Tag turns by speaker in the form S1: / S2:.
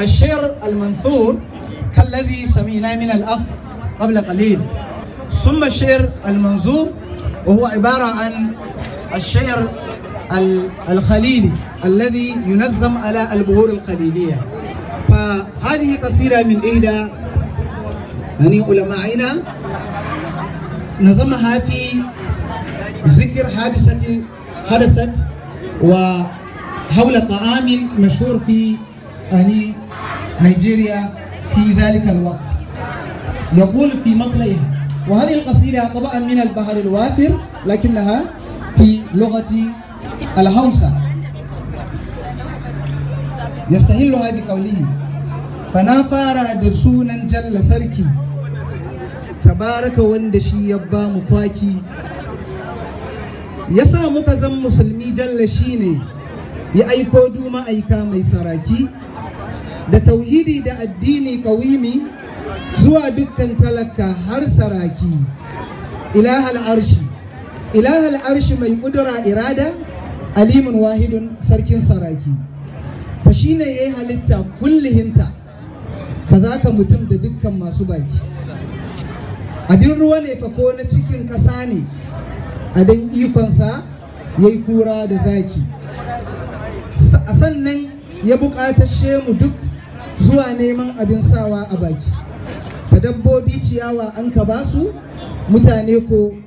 S1: الشعر المنثور كالذي سمعناه من الأخ قبل قليل ثم الشعر المنظور وهو عبارة عن الشعر الخليلي الذي ينظم على البهور الخليلية فهذه قصيدة من إحدى يعني علمائنا نظمها في ذكر حادثة حدثت وحول طعام مشهور في يعني نيجيريا في ذلك الوقت يقول في مطلعها وهذه القصيدة طبعا من البحر الوافر لكنها في لغة الهوسة يستهلها بقوله فنا فارا دسونا جل سركي tabaraka wanda shi ya ba mu kwaki ya sa muka zan musulmi jalla shi ne ya aiko duma aika mai saraki da tauhidi da addini kawimi zuwa dukkan talaka har saraki ilahal arshi ilahal arshi mai kudura irada alimun wahidun sarkin saraki fa shine yayi halitta kullihinta kazaka mutum da dukkan masu baki abin ruwa ne fa ko na cikin ƙasa ne a dan ikonsa yayi kura da zaki sannan ya buƙatar shemu duk zuwa neman abin sawa a baki ka dabbobi ciyawa an ka basu mutane ko